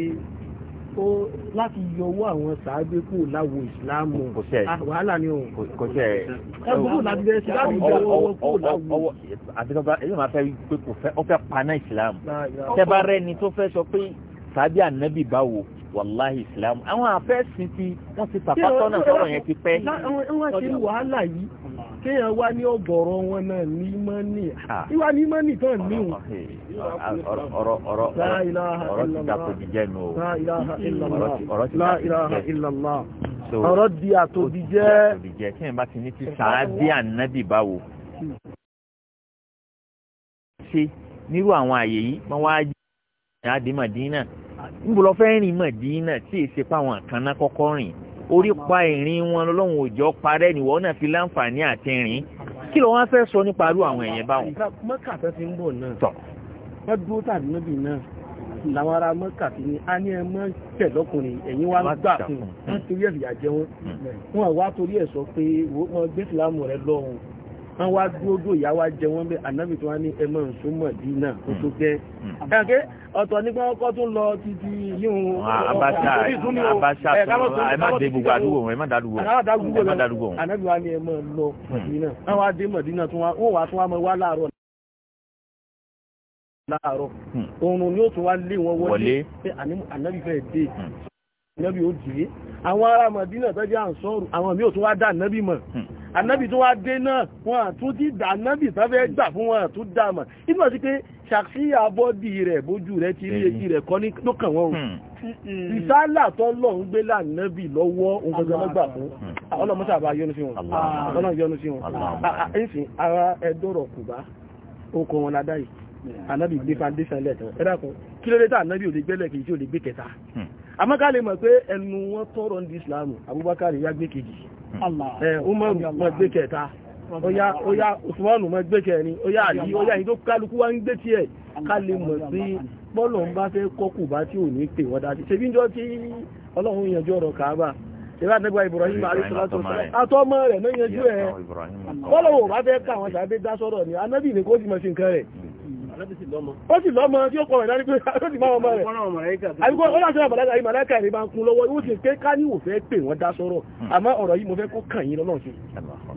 ó láti yọ owó àwọn sàábé kù láwo ìsìláàmù ah, wàhálà ni òun kò tẹ ẹ gbogbo láti bẹ̀rẹ̀ sí láti yọ owó kù láwo. àti kọ́ba èyí máa fẹ́ pé kò fẹ́ ọ fẹ́ paná ìsìláàmù tẹ́ bá tó fẹ́ sọ pé sàábé ànábì báwo wàláhì islam àwọn afẹ́sìn ti wọ́n ti pàpàtọ́ náà sọ̀rọ̀ yẹn ti pẹ́. wọ́n ti wàhálà yìí kéèyàn wá ní ọ̀gọ̀rọ̀ wọn náà ní mọ́nì ìwà ní mọ́nì tán ní o. ọ̀rọ̀ ọ̀rọ̀ ọ̀rọ̀ ti dàpọ̀ jíjẹ́ nu o ọ̀rọ̀ ti dàpọ̀ jíjẹ́ ọ̀rọ̀ di àtòbí jẹ́ kéèyàn bá ti ní ti sàádé ànábì báwo. Hmm. ṣe nírú àwọn àyè yìí wọ́n wá àdé màdínà níbo lọ fẹ́ rìn màdínà tí èsì páwọn àkànná kọ́kọ́ rìn orí pa ìrìn wọn lọ́lọ́run òjò parẹ́ nìwọ́ náà fi láǹfààní àti rìn kí ló wá fẹ́ sọ nípa irú àwọn ẹ̀yẹ báwọn. mọ́kà tó ti ń bọ̀ náà wọ́n dúró tàbí níbi náà làwọn ará mọ́kà ti ní a ní ẹ mọ́ tẹ̀ lọ́kùnrin ẹ̀yìn wa gbà fún un wọ́n torí ẹ̀ fìyà jẹ wọn hmm. wọn torí ẹ̀ sọ pé wọ́n gbé fìlàmù rẹ lọ́hùn wọ́n wá dúró dúró ìyá wa jẹ wọ́n bẹ́ ànábì tí wọ́n ní ẹmọ ìsúnmọ̀ dí náà ó tó gẹ́ hmm. ẹ̀kẹ́ ọ̀tọ̀ nípa ọkọ̀ tún lọ títí yíhun abáṣà abáṣà ẹ má dé gbogbo àdúgbò wọn ẹ má dàdúgbò wọn ẹ má dàdúgbò wọn ànábì wa ní ẹmọ lọ Mádínà hmm. wọ́n wá dé Mádínà tún wọ́n wá tún wá mọ wá láàárọ̀ láàárọ̀ hmm. oòrùn ni ó tún wá lé wọn wọlé pé ànábì fẹ́ dé ànábì ó dìé àwọn ará Mádínà tó jẹ́ àǹsọ́rù àwọn mi ò tún wá dá ànábì mọ̀ anábì tó wá dé náà wọn tún ti dà anábì tó gbà fún wọn tún dà mọ̀ inú ọ̀sí pé ṣàkíyà bọ́dì rẹ̀ bójú rẹ̀ ti rí etí rẹ̀ kọ́ ní lókàn wọn o hmm. Hmm. ìsálà tó lọ ń gbé lànàbì lọ́wọ́ nǹkan tó lọ́gbà fún hmm. ọlọ́mọ́sà bá yọ́nú sí wọn ọlọ́mọ́ yọ́nú sí wọn ẹ̀sìn ara ẹ̀dọ́rọ̀ kùbá ó kọ wọn ládá yìí ànábì gbé foundation lẹ́tọ̀ ẹ dákun kí ló ò lè gbẹ́lẹ̀ kejì tí ò lè gbé kẹta hmm. àmọ́ lè mọ̀ pé ẹnu wọn tọrọ ní Abubakar ya gbé kejì hmm. ẹ Umaru wọn gbé kẹta oya oya Usmanu gbé kẹrin oya oya yìí tó kálukú wa ń gbé tiẹ̀ ká lè mọ̀ sí bọ́ọ̀lù ń bá fẹ́ kọ́kù bá tí ò ní pè Ibrahim rẹ̀ náà yanjú ẹ̀ bọ́ọ̀lù ó sì lọ́mọ tí ó pọ̀ rẹ̀ pé ó sì máa ọmọ rẹ̀ àbíkọ́ ọlọ́sọ̀rọ̀ àbàlágà yìí màláìkà rẹ̀ bá ń kún lọ́wọ́ ó sì pé ká ní òfẹ́ pè wọ́n dá sọ́rọ̀ hmm. àmọ́ ọ̀rọ̀ yìí mo fẹ́ kó kàn lọ́nà sí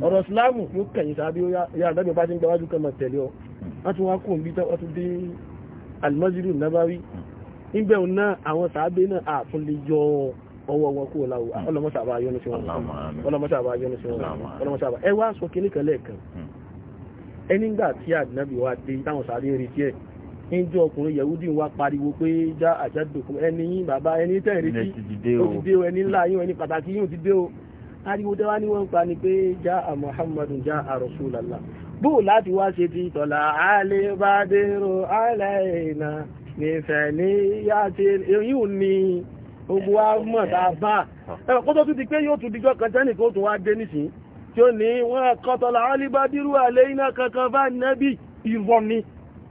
ọ̀rọ̀ ìsìláàmù ló kàn yín ya àdábì bá ti ń gbáwájú kan máa tẹ̀lé ọ hmm. wọ́n wá kó nbí tán wọ́n dé alimọ́sílù nàbáwí hmm. níbẹ̀ náà àwọn sàábé náà àtún lè yọ ọwọ́ wọn kúrò láwọ ọlọmọsàbà yọnu sí wọn ọlọmọsàbà yọnu sí wọn ọlọmọsàbà sọ kíní lẹ́ẹ̀kan ẹnigbà tí àdínábì wá dé táwọn sáré rí tí ẹ̀ níjọ́ ọkùnrin yẹ̀wúdí wá pariwo pé já àjádòkun ẹni yín bàbá ẹni tẹ́ẹ̀rí tí ó ti dé o ẹni ńlá yín ẹni pàtàkì yín ó ti dé o ariwo tẹ́wá ní wọ́n ń pa ni pé já à Muhammadun já à Rasulullah bó láti wá ṣe ti tọ̀là alẹ́ bá dérò alẹ́ ìnà nífẹ̀ẹ́ ní yá ti èyí ò ní ogun wa mọ̀ tá a bá ẹ̀rọ kó tó tún ti pé yóò tún dijọ́ kan tẹ́nì kó tún wá dé nísìnyí tí ó ní wọ́n kọ́tọ̀lá alìbádírú àlẹ́ iná kankan bá nẹ́bí ìrọ̀ ni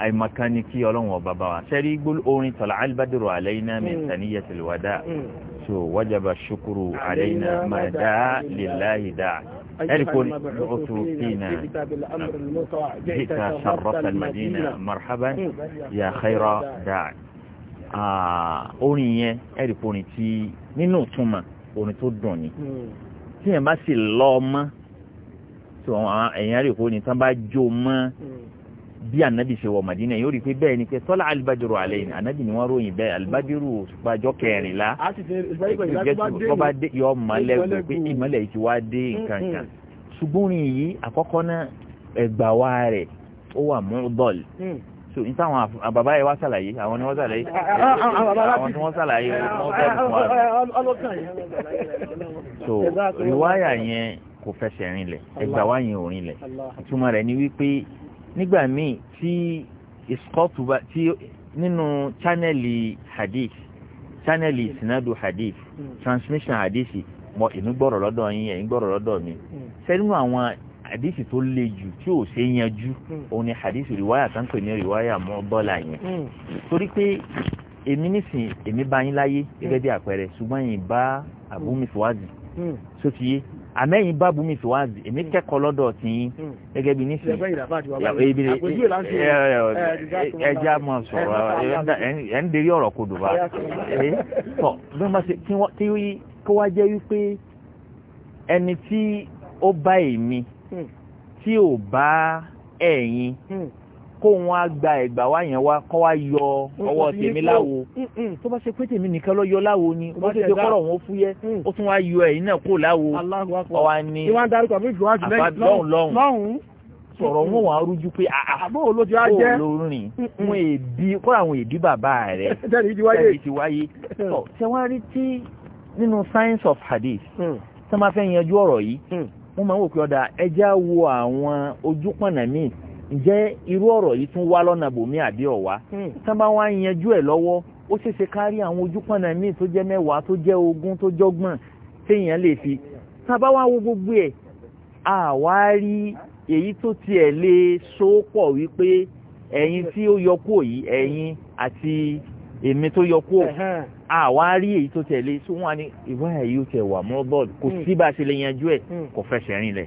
àìmọ̀kan ni kí ọlọ́run ọba bá wa sẹ́rí orin tọ́lá alibadiru alayna min saniyatil hmm. wada hmm. so wajaba shukuru alayna mada lillahi da ẹ̀ríkò ọ̀tún fina jita sharrafta almadina marhaban hmm. ya khaira da ah, orin yẹn ẹ̀ríkò orin tí nínú túmọ̀ orin tó dùn ni tí yẹn bá sì lọ́ ọmọ tí ẹ̀yìn àríkò ni tán bá jó mọ́ bí anabi ṣe wọ madina yóò rí i pé bẹ́ẹ̀ ni pé tọ́lá alibajiru alẹ́ ni anabi ni wọ́n ròyìn bẹ́ẹ̀ alibajiru pàjọ́ kẹrìnlá tọ́ba dé yọ ọmọlẹ́ pé ìmọ̀lẹ́ yìí ti wá dé mm-hmm. nǹkan kan ṣùgbọ́n rìn yìí àkọ́kọ́ náà ẹgbà wa rẹ̀ ó wà mú bọ́ọ̀lù mm. so n táwọn àbàbá yẹn wá sàlàyé àwọn ni wọ́n sàlàyé ah, ah, ah, àwọn ni wọ́n sàlàyé so riwaya yẹn kò fẹsẹ̀ rinlẹ̀ ẹgbà wa yẹn ò rinlẹ̀ ìtumọ̀ rẹ̀ ni wípé nígbà míì tí iskọ́tù bá tí nínú chánẹ́lì hadith chánẹ́lì ìsìnádù hadith hmm. transmission hadith mọ èmi gbọ́rọ̀ lọ́dọ̀ yín ẹ̀yin gbọ́rọ̀ lọ́dọ̀ mi sẹ́nu hmm. àwọn hadith tó le jù tí ò ṣe yanjú hmm. òun ni hadith rìwáyà kan pè ní rìwáyà mọ́ bọ́là yẹn torí pé èmi nísìn èmi bá yín láyé gẹ́gẹ́ bí àpẹẹrẹ ṣùgbọ́n yìí bá àbúmísíwájú sótìyé àmẹ́yìn bá bumi fi wáàzì èmi kẹ́kọ̀ọ́ lọ́dọ̀ tí yín gẹ́gẹ́ bí nísìnyí ẹja mọ̀ sọ̀rọ̀ ẹ̀ ń derí ọ̀rọ̀ kodò bá tọ́ bí wọ́n ṣe kí kó jẹ́ wípé ẹni tí ó bá èmi hmm. tí ò bá ẹ̀yin hmm kóun á gba ẹ̀gbà wá yẹn wá kọ́ wá yọ ọwọ́ tèmi láwo mm, mm, tó bá ṣe pé tèmi nìkan lọ yọ láwo ni ó tún ṣe kọ́rọ̀ wọn fúyẹ́ mm. ó tún wá yọ ẹ̀yìn náà kó láwo ọwá ni àbádọ́hùn lọ́hùn sọ̀rọ̀ wọn wà á rújú pé àbóò wọn èbí kọ́ra àwọn èbí bàbá rẹ̀ tẹ́lẹ̀ ti wáyé ṣe wá rí tí nínú science of hadith tí máa fẹ́ yanjú ọ̀rọ̀ yìí wọ́n máa ń wò pé ọ̀dà ẹja wo àwọn ojúpọ̀nà míì ǹjẹ́ irú ọ̀rọ̀ yìí tún wá lọ́nà bòmí àbí ọ̀wá hmm. tán bá wá yanjú ẹ̀ lọ́wọ́ ó ṣeéṣe kárí àwọn ojúpọ̀nà míì tó jẹ́ mẹ́wàá tó jẹ́ ogún tó jọ́gbọ̀n téèyàn lè fi tá a bá wá wo gbogbo ẹ̀ àwárí èyí tó tiẹ̀ lè so pọ̀ wípé ẹ̀yin tí ó yọ kúò yìí ẹ̀yin àti èmi tó yọ kúò àwárí èyí tó tiẹ̀ lè so wọn ni ìwà èyí ó tiẹ̀ wà mọ́ bọ́ọ̀lù kò hmm. sí bá a ṣe lè yanjú ẹ̀ hmm. kò fẹsẹ̀ rinlẹ̀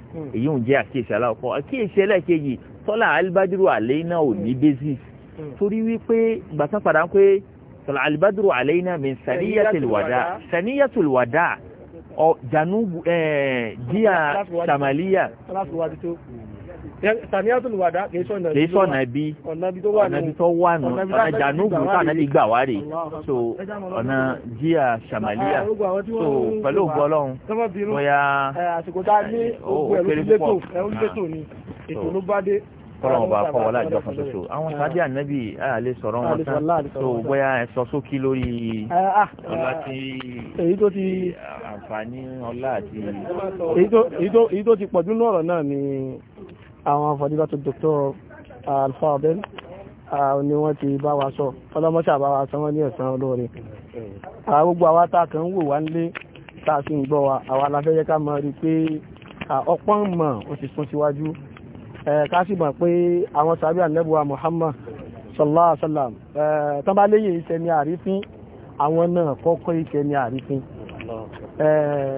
èyí ò tọ́lá alibadiru àlẹ́yìnà ò ní basis hmm. torí wípé gbàtán padà ń pé tọ́lá alibadiru àlẹ́yìnà mi sàníyàtòlùwàdà sàníyàtòlùwàdà ọ janubu ẹ̀ẹ́ jíà sàmàlíyà sàníyàtòlùwàdà kìí sọ̀nà bí ọ̀nà bí tó wà nù ọ̀nà janubu sànà bí gbà wá rè so ọ̀nà jíà sàmàlíyà so pẹ̀lú ògbọ́lọ́hún bóyá ó kéré púpọ̀ ètò ló bá dé kọ́lọ́mù bá kọ́ wọlé àjọ kan ṣoṣo àwọn sáájú ànábì àlè sọ̀rọ̀ wọn tán tó bóyá ẹ sọ sókí lórí ah, ah, ọlá ah, tí èyí tó ti àǹfààní ọlá àti. èyí tó ti pọ̀jù lọ́rọ̀ náà ni àwọn afọ̀díbà tó dr alfaabel ni wọ́n ti bá wa sọ ọlọ́mọṣà bá wa sọ wọ́n ní ẹ̀sán olóore gbogbo àwa tá a kàn ń wò wá nílé tá a sì ń gbọ́ wa àwa la fẹ́ yẹ ká mọ̀ rí pé ọpọ́n mọ̀ ó ti sún síwájú. kásìmọ̀ pé àwọn sàbí ànẹ́bùwà Muhammad sallallahu alaihi wasallam tán bá léyè iṣẹ́ ní àrífín àwọn náà kọ́kọ́ iṣẹ́ ní àrífín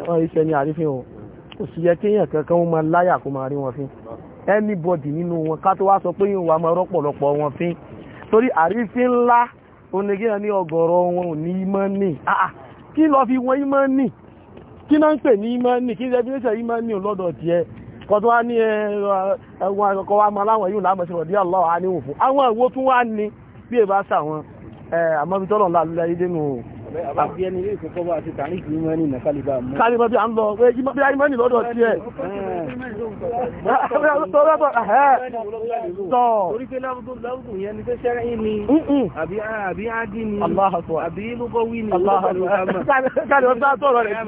wọ́n iṣẹ́ ní àrífín o kò sì yẹ kankan wọn máa láyà kó máa rí wọn fín anybody nínú wọn ká tó wá sọ pé yóò wá máa rọ́pọ̀lọpọ̀ wọn fín torí àrífín ńlá wọn ò ní ah, ah, kí lọ fi wọn ìmánì kí náà ń pè ní kí kọ́ tó wá ní ẹwọ́n eh, akọ́kọ́ eh, eh, wá máa láwọn yóò lámọ̀ sí rọ̀dí aláwọ̀ á fún àwọn ìwó tún wá ní bí èbá sàwọn àmọ́bítọ́lọ̀ lálúlẹ̀ yídénú kálíbà bí a ń lọ pé bí a ìmọ́ni lọ́dọ̀ tí ẹ̀ tọ́ torí pé lábùkù yẹn ni pé ṣẹ́rẹ́ ní àbí ádí ni àbí lúgọ́wí ni kálíbà bí a tọ́rọ rẹ̀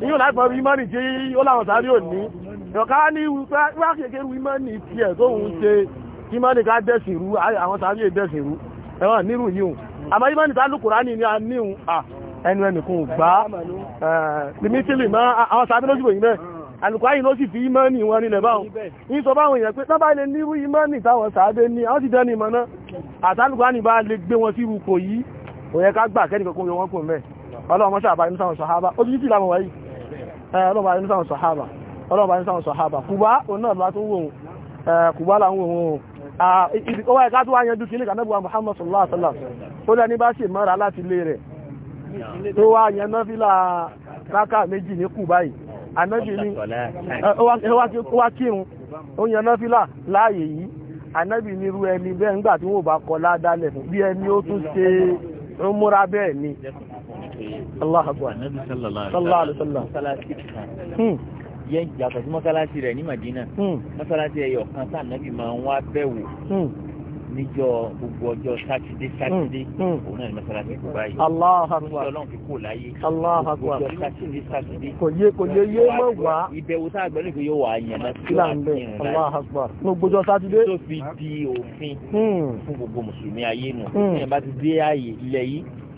ní yóò láìpọ̀ bí ìmọ́ni tí ó láwọn sáré ò ní ìrọ̀ká ní wípé ìmọ́ni tí ẹ̀ tó ń ṣe ìmọ́ni ká dẹ̀sìrú àwọn sáré dẹ̀sìrú ẹ̀wọ̀n nírù yìí àmọ́ yí máa nìta lùkùránì ní a níhun ẹnu ẹnìkún gbá ẹ̀ẹ́dìmítìlì máa àwọn sàbí lójú òyìn náà alùkwáyì ló sì fi ìmọ́ni wọn nílẹ̀ báwọn ní sọ báwọn èèyàn pé tọ́bá ilẹ̀ nírú ìmọ́ni táwọn sàábé ní àwọn ti dẹ́ni ìmọ̀ náà àtàlùkwáyì bá lè gbé wọn sí rúkò yìí òyẹ ká gbà kẹ́nìkọ̀kún yọ wọ́n kò mẹ́ ọlọ́run mọ́sàbá ó lẹ́ni bá ṣe mọ́ra láti ilé rẹ̀ tó wá yẹn náfílà rákà méjì ní kù báyìí ànábì ní ó wá kírun ó yẹn náfílà láàyè yìí ànábì ní irú ẹni bẹ́ẹ̀ ńgbà tí wọ́n bá kọ ládálẹ̀ fún bí ẹni ó tún ṣe múra bẹ́ẹ̀ ni hmm. yẹn yàtọ̀ sí mọ́sálásí rẹ̀ ní Madina hmm. mọ́sálásí ẹ̀yọ̀ kan sáà nábì máa ń wá níjọ́ gbogbo ọjọ́ sátidé sátidé hmm, hmm. òun náà ní mọ́sálásí kò báyìí. aláha kò láyé. aláha kò sátidé sátidé. kò yé kò yé yé mọ̀ wá. ìbẹ̀wò tá a gbẹ́ lóko yóò wà á yàn náà. kí là ń bẹ̀ aláha kò ní gbogbo sátidé. tó fi di òfin hmm. fún gbogbo mùsùlùmí ayé nù. ìyẹn bá ti dé ààyè ilẹ̀ yìí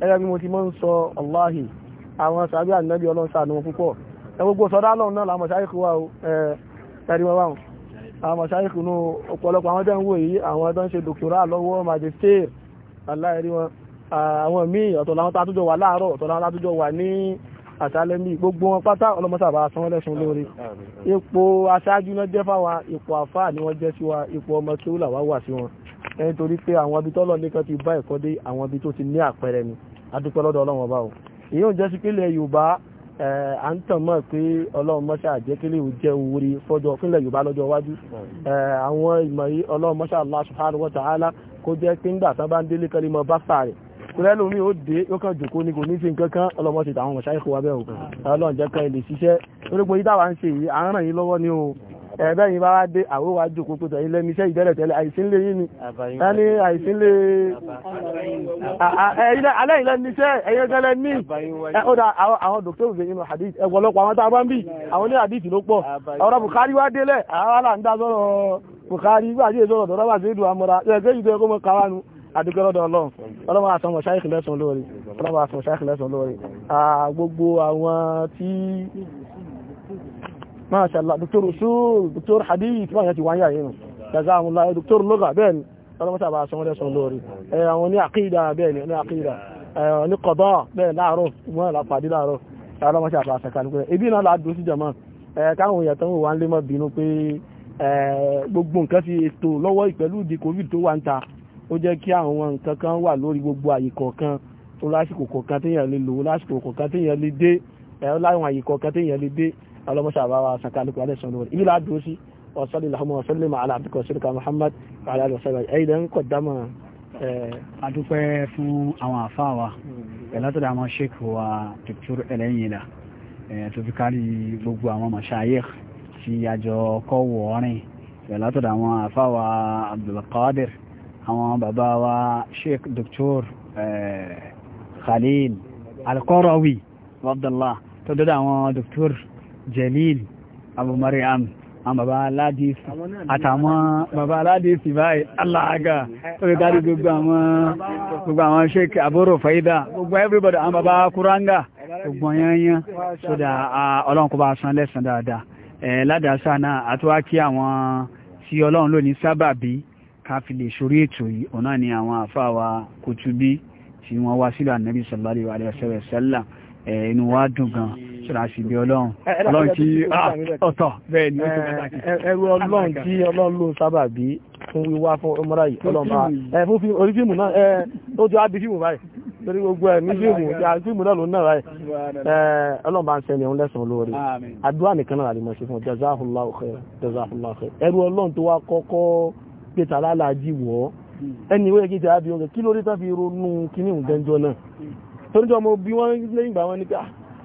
ẹgbẹ́ bí mo ti mọ́ ń sọ ọláhì àwọn sàbí ànábì ọlọ́run ṣàánú wọn púpọ̀ ẹ gbogbo sọdá lọ́run náà làwọn mọ̀ṣáìkù wà ó ẹ̀rí wọn wáhùn àwọn mọ̀ṣáìkù nù ọ̀pọ̀lọpọ̀ àwọn tẹ́ ń wò yìí àwọn tó ń ṣe dòkítọ́rà lọ́wọ́ màjèstéèr aláìrí wọn àwọn míì ni wọ́n jẹ́ sí wa ipò ẹni torí pé àwọn ibi tọ́lọ̀ nìkan ti bá ẹ̀kọ́ dé àwọn ibi tó ti ní àpẹẹrẹ ni adúpẹ́ lọ́dọ̀ ọlọ́run ọba o èyí ò jẹ́ sí pé ilẹ̀ yorùbá à ń tàn mọ́ pé ọlọ́run mọ́ṣá àjẹkẹ́lẹ́ ò jẹ́ orí fọ́jọ́ fúnlẹ̀ yorùbá lọ́jọ́ iwájú àwọn ìmọ̀ yìí ọlọ́run mọ́ṣá Allah subhanahu wa ta'ala kó jẹ́ pé ńgbà tán bá ń délé kẹ́lẹ́ mọ́ bá sáré kúrẹ́ lómi ó dé ó kàn jòkó ní kò ní sí nǹkan kan ọlọ́mọ ti tàwọn ọ̀ṣáìkò wa bẹ́ẹ̀ o ọlọ́run jẹ́ kan ilé ṣiṣẹ́ orí pé yíta wa ń ṣe yìí à ń ràn yín lọ́wọ́ ní o ẹ̀bẹ́ yìí bá wá dé àwọn wá jù kúkú tẹ̀yìn lẹ́nu iṣẹ́ ìbẹ̀rẹ̀ tẹ́lẹ̀ àìsínlé yìí ni a àìsínlé alẹ́yìn lẹ́nu iṣẹ́ ẹ̀yẹ ní àwọn hadith àwọn tàbá ń bì àwọn ní hadith ló pọ̀ ọ̀rọ̀ Bukhari wá délẹ̀ àwọn Bukhari ọlọ́run ọlọ́run àtọmọ̀ lẹ́sùn lórí mashallah dr usul dr hadith ma yati wanya yin jazakumullah dr lugha ben sala ma saba so reso lórí eh àwọn ni aqida ben ni aqida eh ni qada ben la ro mo la padi la ro sala ma saba sa kan ko ebi na la do si jama eh ka won ya tan wa nle má bínú pé eh gbogbo nǹkan tí ètò lọ́wọ́ ipelu di covid tó wà nta ó jẹ́ kí àwọn nǹkan kan wà lórí gbogbo àyè kọ̀ọ̀kan tó lásìkò kọ̀ọ̀kan téèyàn lè lò lásìkò kọ̀ọ̀kan téèyàn lè dé eh láwọn àyè kọ̀ọ̀kan téèyàn lè dé ọlọ́mọṣà bá wa sàkà lókè alẹ́sàn lórí ibi láti dúró sí ọ̀sọ́lẹ̀ làhùnmọ́ ọ̀sọ́lẹ̀ màálà àbíkọ̀ sílùkà Muhammad wàhálà àlọ́sọ́lẹ̀ ẹ̀yìn ń kọ̀ dámọ̀ adúpẹ́ fún àwọn àfáà wa ẹ̀látọ̀dá àwọn sheikh wa dr ẹlẹ́yìnlá tó fi kárí gbogbo àwọn mashayikh tí àjọ kọ́wọ̀ ọ̀rìn ẹ̀látọ̀dá àwọn àfáà wa abdulkadir àwọn bàbá wa sheikh dr khalil alqarawi abdullah tó dọ́dọ̀ àwọn dr Jalil Abu Maryam àwọn bàbá aládìsì àtàwọn bàbá aládìsì báyìí aláàgà oríkàrí gbogbo àwọn ṣékì àbúrò fàídà gbogbo everybody àwọn bàbá kúrángà gbogbo yanyan so da ọlọ́run kó bá san lẹ́sàn dáadáa ládàásá náà àtúwá kí àwọn tí ọlọ́run ló ní sábàbí ká fi lè sórí ètò yìí ọ̀nà ni àwọn àfáàwà kòtùbí tí wọ́n wá sílò ànábì sallallahu alaihi wasallam inú wa dùn gan-an ṣìràṣìbí ọlọ́run ọlọ́run tí ọ̀tọ̀ bẹ́ẹ̀ ni ó tó pàtàkì. ẹrú fún wíwá fún ọmọdé yìí ọlọ́run bá fún orí fíìmù náà ó ti wá bí fíìmù báyìí torí gbogbo ẹ ní fíìmù fíìmù náà ló ń náà ọlọ́run bá ń sẹ́ni ẹ̀hún lẹ́sàn olóore àdúrà nìkan náà lè ṣe fún jazahullahu ẹrú ọlọ́run tó wá kọ́kọ́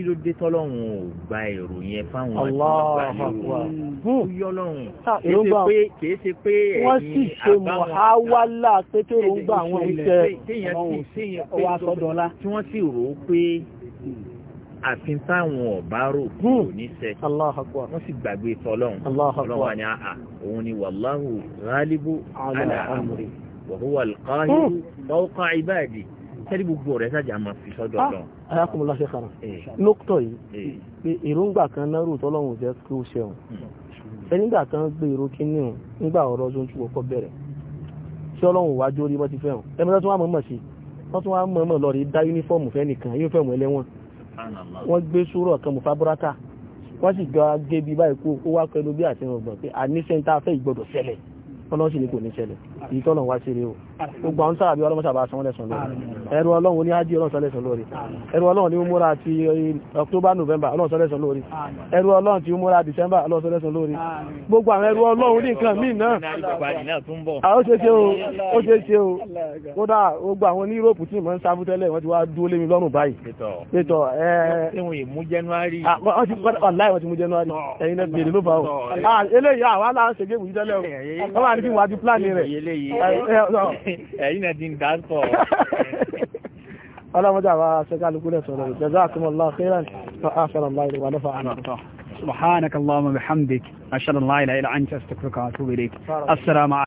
kí ló dé tọ́lọ́run ò gba èrò yẹn fáwọn ọlọ́run hmm. kìí ṣe pé wọ́n sì ṣe mọ̀háwálà pétérò ń gbà àwọn iṣẹ́ ọwọ́ àsọdọ̀lá tí wọ́n sì rò ó pé àfin táwọn ọ̀bá rò kò hmm. ní sẹ́ wọ́n sì gbàgbé tọ́lọ́run ọlọ́run àni àà ah, òun ni wàláhù ghalibu ala amri wa huwa al-qahiru hmm. fawqa ibadi tẹ́lẹ̀ gbogbo rẹ̀ sájà máa fi sọ́dọ̀ lọ. alákùnrin láṣẹ kan lókítọ̀ yìí eh. pé èròǹgbà kan náà rò tọ́lọ́hùn jẹ́ kí ó ṣẹ̀wọ̀n hmm. ẹnígbà kan gbé èrò kínní hùn nígbà ọ̀rọ̀ tó kọ́ bẹ̀rẹ̀ tí ọlọ́hùn wá jórí bọ́ ti fẹ́ hàn ẹni tó wá mọ̀ọ́mọ̀ sí wọ́n tún wá mọ̀ọ́mọ̀ lọ rí dá yúnífọ́ọ̀mù fẹ́ nìkan yúnífọ́ọ̀mù ẹlẹ́wọ̀n wọ́n gbé gbogbo àwọn sáàbí ọlọ́mọ́sàbà sanwó lẹ́sùn lórí ẹ̀rù ọlọ́run ní ájí ọlọ́run sọ́lẹ́sùn lórí ẹ̀rù ọlọ́run ní múra ti eh, october november ọlọ́run sọ́lẹ́sùn lórí ẹ̀rù ọlọ́run ti múra december ọlọ́run sọ́lẹ́sùn lórí gbogbo àwọn ẹ̀rù ọlọ́run ní nǹkan míì náà ah, ó ṣe ṣe o ó ṣe o kódà gbogbo àwọn ní europe tí mò ń sáfú tẹ́lẹ̀ wọ́n ti wá dúró lé mi lọ́rùn báyìí pétọ̀ eh, eh. ẹ̀yìn náà دارتو انا dárúkọ ọlọ́mọdé àwọn aṣẹ́kálukú جزاكم الله خيرا فآخر الله ونفع سبحانك اللهم وبحمدك أشهد أن لا إله إلا أنت أستغفرك أتوب إليك السلام عليكم